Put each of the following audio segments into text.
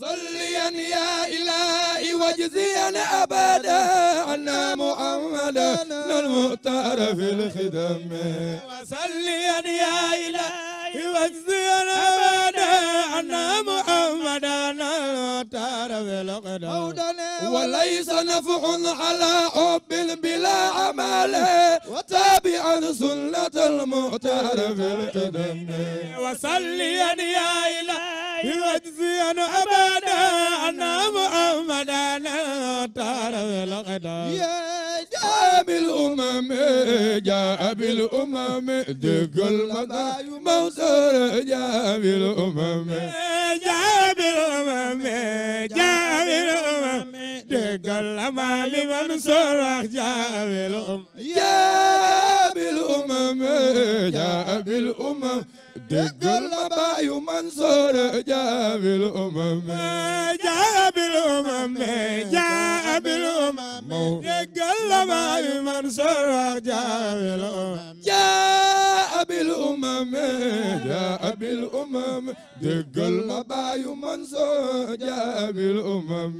صليا يا إلهي واجزيا أبدا عنا محمدا المختار في الخدم صلياً يا إلهي واجزيا أبدا عنا محمدا المختار في الخدم وليس نفع على حب بلا عمل وتابعا سنة المختار في الخدم وصليا يا إلهي يجزين أبدا أن محمدا لا ترى الغدا يا جاء بالأمم جاء بالأمم ذك المضى موصول جاء بالأمم جاء بالأمم جاء بالأمم ذك المال منصور جاء بالأمم جاء بالأمم جاء بالأمم ذك منصور جاء الأمم جاء بالأمم جاء بالأمم دق ما بمنصور جاء الأمم جاء بالأمم جاء بالأمم دق المباي منصور جاء الأمم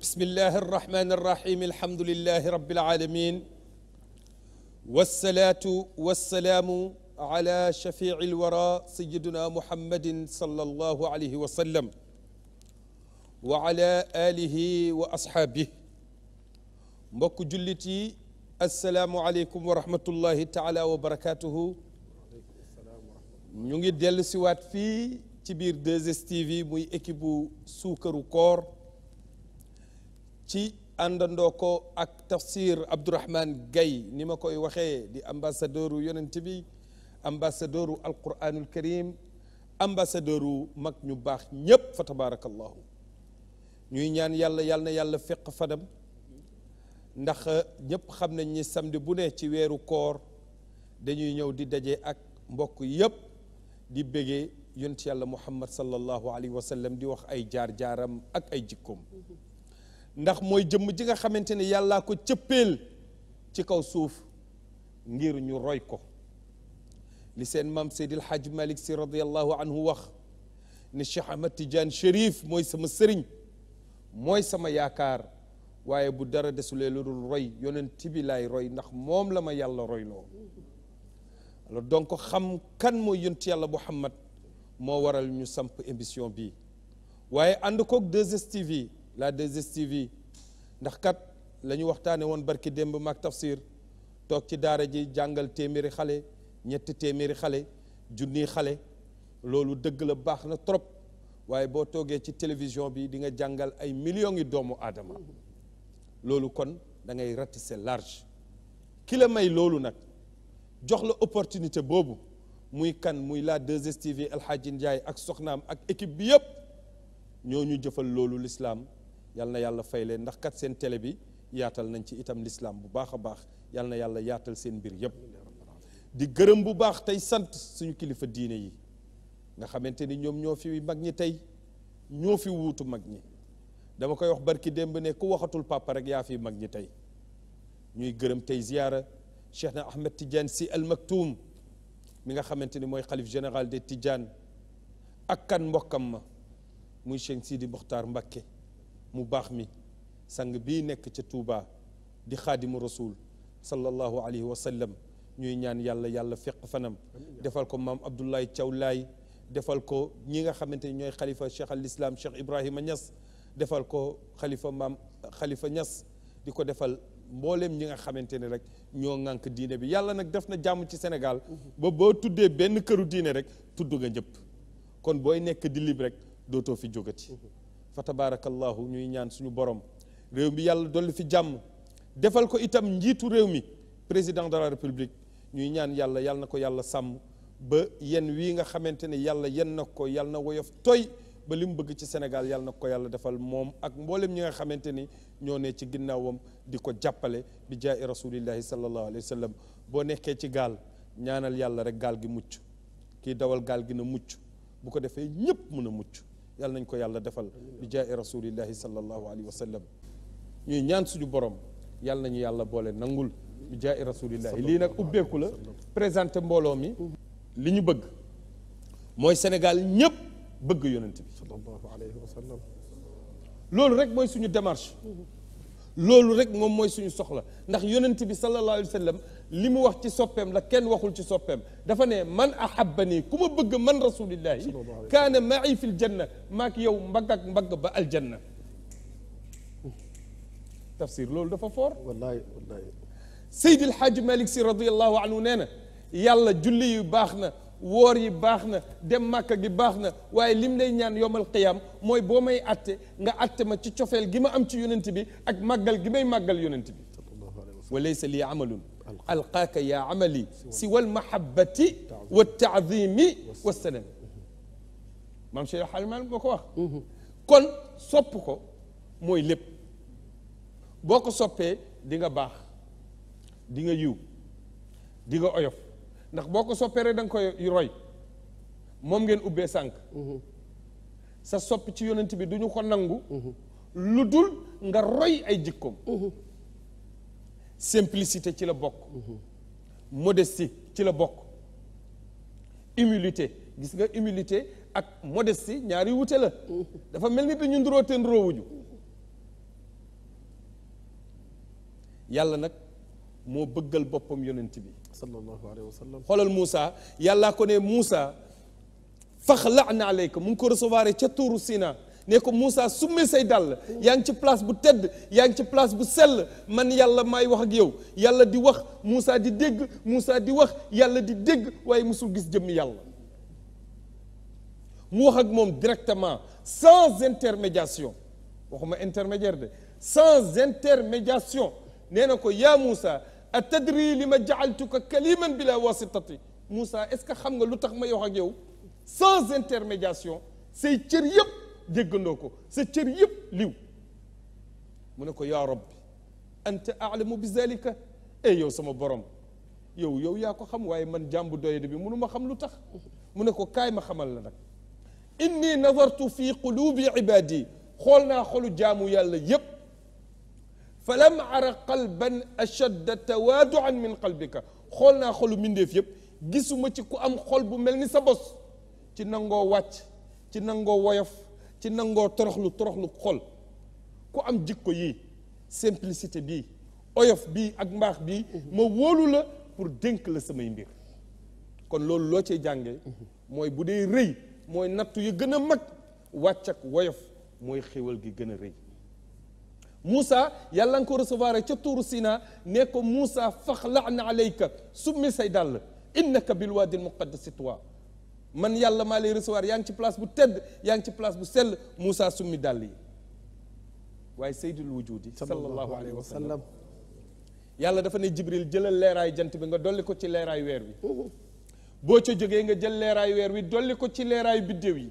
بسم الله الرحمن الرحيم الحمد لله رب العالمين والصلاة والسلام على شفيع الوراء سيدنا محمد صلى الله عليه وسلم وعلى آله وأصحابه مبك جلتي السلام عليكم ورحمة الله تعالى وبركاته نيجي دل سوات في تبير دزس تي في مي اكيبو سوكر وكور تي عندندوكو اك تفسير عبد الرحمن جاي نيما كوي وخي دي امباسادور يونان تي ambassadeur u alquranul karim ambassadeur mag ñu baax ñépp fa tabarakallahu ñuy ñaan yàlla yàlla na yàlla feq fadam ndax euh, ñëpp xam nañ ni samedi bu ne ci weeru koor dañuy ñëw di daje ak mbokk yëpp di bégee yont yàlla muhammad sallallahu alayhi wa di wax ay jaar-jaaram ak ay jikkoom ndax mooy jëmm ji nga xamante ne yàllaa ko cëppeel ci kaw suuf ngir ñu roy ko li seen maam Seydil Hadj Malick si radiyallahu anhu wax ne Cheikh Ahmad Tidiane Chérif mooy sama sëriñ mooy sama yaakaar waaye bu dara desulee lu dul roy yonent bi laay roy ndax moom la ma yàlla roy loo alors donc xam kan mooy yonent yàlla Muhammad moo waral ñu samp émission bi waaye ànd koog 2STV la 2STV ndax kat la ñu waxtaane woon barki démb maak tafsir toog ci daara ji jàngal téeméeri xale ñetti téeméeri xale junniy xale loolu dëgg la baax na trop waaye boo toogee ci télévision bi di nga jàngal ay millions yi doomu aadama loolu kon da ngay ratisser large ki may loolu nag jox la opportunité boobu muy kan muy la 2STV El Hadji ak soxnaam ak équipe bi yëpp ñoo ñu jëfal loolu lislaam yal na yàlla fay leen ndax kat seen télé bi yaatal nañ ci itam lislaam bu baax a baax yal na yàlla yaatal seen mbir yëpp di gërëm bu baax tey sant suñu kilifa diine yi nga xamante ni ñoom ñoo fi mag ñi tey ñoo fi wuutu mag ñi dama koy wax barki dem ne nekk waxatul papa rek yaa fi mag ñi tey ñuy gërëm tey ziyaara Cheikh na Ahmed Tidiane si al Maktoum mi nga xamante ni mooy xalif général des Tidiane ak kan mbokkam ma muy Cheikh Sidi Mokhtar Mbakke mu baax mi sang bii nekk ca tuubaa di xaadimu rasul sallallahu alayhi wa sallam ñuy ñaan yàlla yàlla feq fanam defal ko maam Abdoulaye Thiaw Laye defal ko ñi nga xamante ni ñooy xalifa cheikh al islam cheikh Ibrahima ñas defal ko xalifa maam xalifa ñas di ko defal mboolem ñi nga xamante ne rek ñoo ŋànk diine bi yàlla nag def na jàmm ci Sénégal ba boo tuddee benn këru diine rek tudd nga ñëpp kon booy nekk di lib rek dootoo fi jógati fa tabarakallahu ñuy ñaan suñu borom réew mi yàlla dolli fi jàmm defal ko itam njiitu réew mi président de ñuy ñaan yàlla yàlla na ko yàlla sàmm ba yenn wii nga xamante ni yàlla yen na ko yàlla na woyof tooy ba li mu bëgg ci Sénégal yàlla na ko yàlla defal moom ak mboolem ñi nga xamante ni ñoo ne ci ginnaawam di ko jàppale bi jaay rasulillahi sallallahu alayhi wa sallam boo nekkee ci gaal ñaanal yàlla rek gaal gi mucc kii dawal gaal gi na mucc bu ko defee ñëpp mën a mucc yàlla nañ ko yàlla defal bi jaay rasulillahi sallallahu alayhi wa sallam ñuy ñaan suñu borom yàlla nañu yàlla boole nangul جاي رسول الله لينا أوبيكولا بريزنت مولومي لينو بغ موي سنغال نيب بغ يونتبي صلى الله عليه وسلم لول ريك موي سونو ديمارش لول ريك موم موي سونو سوخلا ناخ يونتبي صلى الله عليه وسلم لم واخ سي سوبم لا كين واخول سي سوبم من احبني كم بغ من رسول الله كان معي في الجنه ماك يو مباك مباك با الجنه تفسير لول دا والله والله سيد الحاج مالك سي رضي الله عنه نانا يلا جلي باخنا وور باخنا دم مكه جي باخنا واي لم نيان يوم القيام موي بومي اتي nga atté ma ci ciofel gi ma am ci yonent bi ak وليس لي عمل القاك يا عملي سوى المحبه والتعظيم والسلام مام شي حال مال بوكو واخ كون سوبكو موي لب بوكو سوبي ديغا باخ di nga yiw di nga oyof ndax boo ko soppeeree da nga koy roy moom ngeen ubbee sànq mhm. sa soppi ci yonent bi du ñu ko nangu mhm. lu dul nga roy ay jikkoom mhm. simplicité ci la bokk modestie ci la bokk humilité gis nga humilité ak modestie ñaari wute la dafa mel ni dañu nduroo te nduroowuñu yàlla nag mo bëggal boppam yonent bi sallallahu alayhi wasallam xolal musa yalla ko ne musa fakhla'na aleyka mu ko recevoir ci tuuru Sina ne ko musa summe say dal yang ci place bu tedd yang ci place bu sel man yàlla may wax ak yow yàlla di wax musa di deg musa di wax yàlla di deg way musul gis jëm yàlla mu wax ak mom directement sans intermédiation waxuma intermédiaire de sans intermédiation nee na ko yaa Moussa اتدري لما جعلتك كليما بلا واسطه موسى اسكو خم نغ لوتاخ ما يوخ يو سانز انترميدياسيون سي تير ييب ديغندوكو سي تير ييب ليو مونيكو يا رب انت اعلم بذلك اي يو سما بروم يو يو ياكو خم واي من جامب دويد بي مونو ما خم لوتاخ مونيكو كاي ما خمال لا اني نظرت في قلوب عبادي خولنا خلو جامو يالا ييب فلم ار قلبا اشد توادعا من قلبك خولنا خول من ديف ييب غيسوما تي كو ام خول بو ملني سا بوس تي نانغو واتي تي نانغو ويوف تي نانغو تروخلو تروخلو خول كو ام جيكو يي سيمبليسيتي بي اويوف بي اك مباخ بي ما وولو لا بور دينك لا ساماي مير كون لول لو تي جانغي موي بودي ري موي ناتو يي گنا مك واتيك ويوف موي خيوال گي گنا ري Moussa yàlla nga ko recevoir ca tuuru Sina ne ko Moussa faxlan alayka summi say dàll innaka bil waadil muqaddasi tuwa man yàlla maa lay recevoir yaa ngi ci place bu tedd yaa ngi ci place bu sell Moussa summi dàll yi waaye sayyidul wujudi sallallahu alayhi wa sallam yàlla dafa ne Jibril jëlal leeraay jant bi nga dolli ko ci leeraay weer wi boo ca jógee nga jël leeraay weer wi dolli ko ci leeraayu biddéew yi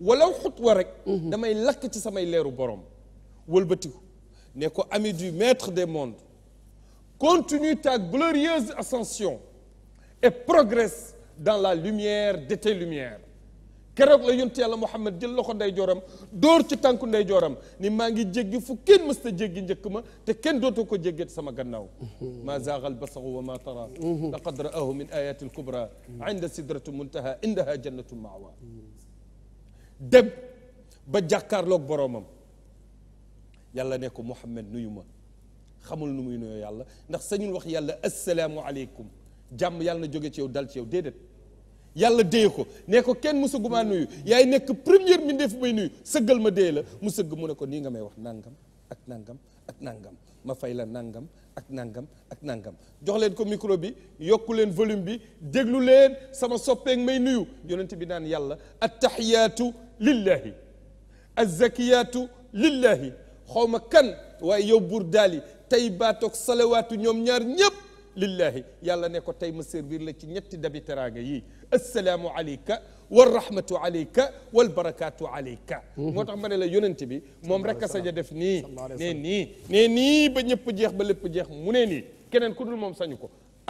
walaw xutwa rek damay lakk ci samay leeru borom wëlbatiku ne ko ami du maître des mondes continue ta glorieuse ascension et progresse dans la lumière de tes lumières keroog la yonent yàlla Muhammad jël loxo ndeyjooram dóor ci tànku ndeyjooram ni maa ngi jéggi fu kenn mës ta jéggi njëkk ma te kenn dootoo ko jéggeet sama gannaaw maa zaagal basaru wa maa tara laqad ra'ahu min ayaati al kubra inda sidratu muntaha indaha jannatu maawa dem ba jàkkaarloog boroomam yàlla ne ko Muhammad nuyu ma xamul nu muy nuyoo yàlla ndax sañul wax yàlla assalaamu aleykum jàmm yàlla na jóge ci yow dal ci yow déedéet yàlla déye ko ne ko kenn musagumaa nuyu yaay nekk première mu def may nuyu sëggal ma déye la mu sëgg mu ne ko nii nga may wax nàngam ak nangam ak nangam ma fay la nangam ak nangam ak nangam jox leen ko micro bi yokku leen volume bi déglu leen sama soppeek may nuyu yonent bi naan yàlla attaxiyaatu لله الزكيات لله خوما كان ويوبر دالي تاي باتوك صلوات نيوم نيار نيب لله يالا نيكو تاي ما سيرفير لا سي السلام عليك والرحمه عليك والبركات عليك موتاخ ماني لا يوننتي بي موم رك سجا ديف ني ني ني ني ني با نيب جيخ با لب جيخ موني ني كنن كودول موم ساني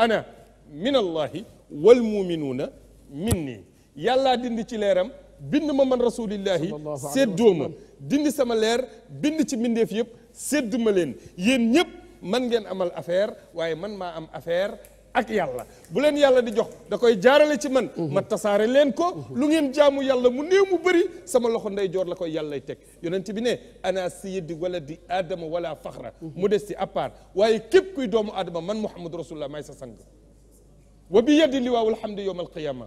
انا من الله والمؤمنون مني يالا ديندي سي ليرام bind ma man rasulillahi séddoo ma dindi sama leer bind ci mbindeef yëpp sédd ma leen yéen ñëpp man ngeen amal affaire waaye man maa am affaire ak yàlla bu leen yàlla di jox da koy jaarale ci man mhm. ma tasaare leen ko mhm. lu ngeen jaamu yàlla mu néew mu bëri sama loxo ndey joor la koy yàllay teg yonent bi ne ana sayyidi wala di aadama wala faxra mhm. mu des ci à waaye képp kuy doomu aadama man muhammadu rasulullah maay sa sang wa bi yadi liwaawul hamdi yowma alqiyama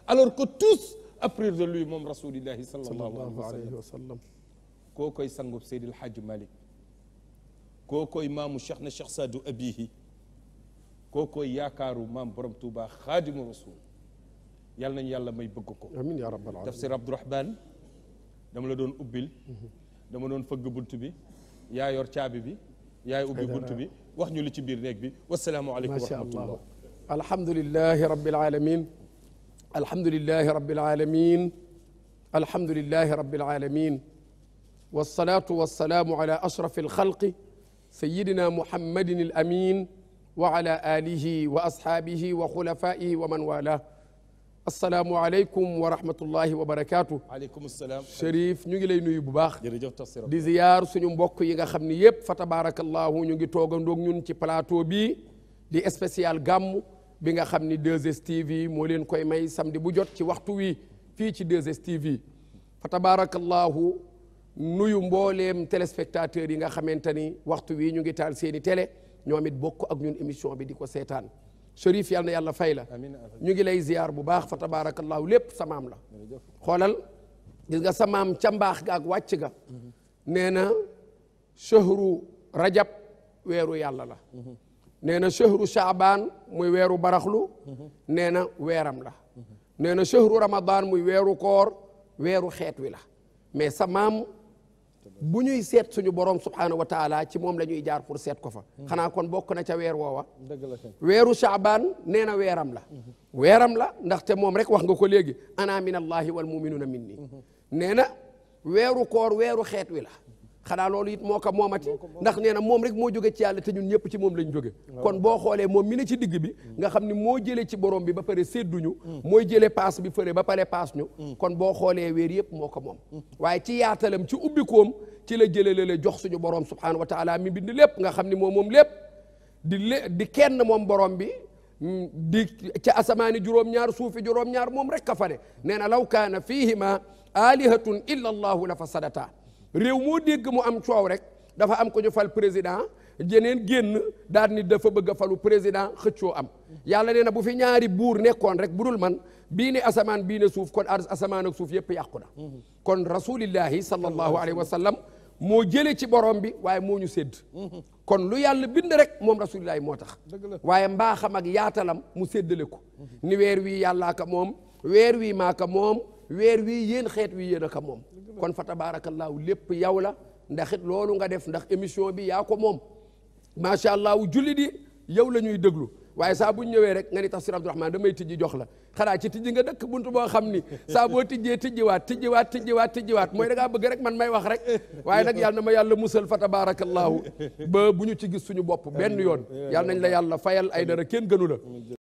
alors que tous apprirent de lui moom rasulillah sallallahu alayhi wa sallam ko koy sayyid al Hadji malik ko koy imam Cheikh na Cheikh sadu abihi ko koy yakaru mam borom Touba xaadimu rasul yal nañ yàlla may beug ko amin ya rabbal alamin tafsir abd Abdourahman dama la don ubil dama don feug buntu bi ya yor tiabi bi yaay ubi buntu bi wax ñu li ci bir néeg bi wasalaamu alaykum wa rahmatullah alhamdulillah rabbil alamin الحمد لله رب العالمين الحمد لله رب العالمين والصلاة والسلام على أشرف الخلق سيدنا محمد الأمين وعلى آله وأصحابه وخلفائه ومن والاه السلام عليكم ورحمة الله وبركاته عليكم السلام شريف ñu لي lay nuyu bu baax jërëjëf tafsir di ziyaar suñu mbokk yi nga xam ni yépp fa tabarakallahu ñu ngi toogandoo ñun ci bi nga xam ni 2STV moo leen koy may samedi bu jot ci waxtu wi fii ci 2STV fa tabaarakallaahu nuyu mbooleem téléspectateurs yi nga xamante waxtu wi ñu ngi taal seen télé ñoom it bokk ak ñun émission bi di ko seetaan Chérif yal na yàlla fay la ñu ngi lay ziar bu baax fa tabaarakallaahu lépp samaam la xoolal gis nga samaam ca mbaax ga ak wàcc ga nee na rajab weeru yàlla la nee na shahru shaabaan muy weeru baraxlu nee na weeram la nee na shahru ramadan muy weeru koor weeru xeet wi la mais sa maam bu ñuy seet suñu borom subhanahu wa taala ci moom la ñuy jaar pour seet ko fa xanaa kon bokk na ca weer woowa weeru shaabaan nee na weeram la weeram la ndaxte moom rek wax nga ko léegi ana min allahi wal muminuuna min nii nee na weeru koor weeru xeet wi la xanaa loolu it moo ko moomati ndax nee na moom rek moo jóge ci yàlla te ñun ñëpp ci moom lañ jóge kon boo xoolee moom mi ne ci digg bi nga xam ni moo jëlee ci borom bi ba pare sédduñu mooy jële paas bi fëre ba pare paas ñu kon boo xoolee wéer yëpp moo ko moom waaye ci yaatalam ci ubbikoom ci la jëlee la jox suñu borom subhanahu wa taala mi bind lépp nga xam ni moom moom lépp di di kenn moom borom bi di ci asamaani juróom-ñaar suufi juróom-ñaar moom rek ka fa ne nee na law kaana fiihima alihatun illa allahu la fasadata réew moo dégg mu am coow rek dafa am ko ñu fal président jeneen génn daal ni dafa bëgg a falu président xëccoo am yàlla nee na bu fi ñaari buur nekkoon rek bu dul man bii ne asamaan bii ne suuf kon asamaan ak suuf yëpp yàqu na mhm. kon rasulillahi sallallahu alayhi wa sallam moo jële ci borom bi waaye moo ñu sédd mhm. kon lu yàlla bind rek moom rasulillahi moo tax waaye mbaaxam ak yaatalam mu séddale ko mhm. ni weer wii yàllaa ka moom weer wii maa ka moom weer wii yéen xeet wi yéen a ko moom kon fa tabaarakallaahu lépp yow la ndax it loolu nga def ndax émission bi yaa ko moom macha allah julli di yow la ñuy déglu waaye saa bu ñu ñëwee rek nga ni tafsir abdourahman damay tijji jox la xanaa ci tijji nga dëkk bunt boo xam ni waat boo tijjee tijjiwaat tijjiwaat tijjiwaat tijjiwaat mooy da ngaa bëgg rek man may wax rek waaye nag yàlla na ma yàlla musal fa tabaarakallaahu ba bu ñu ci gis suñu bopp benn yoon yàlla nañ la yàlla fayal ay dara kenn gënu la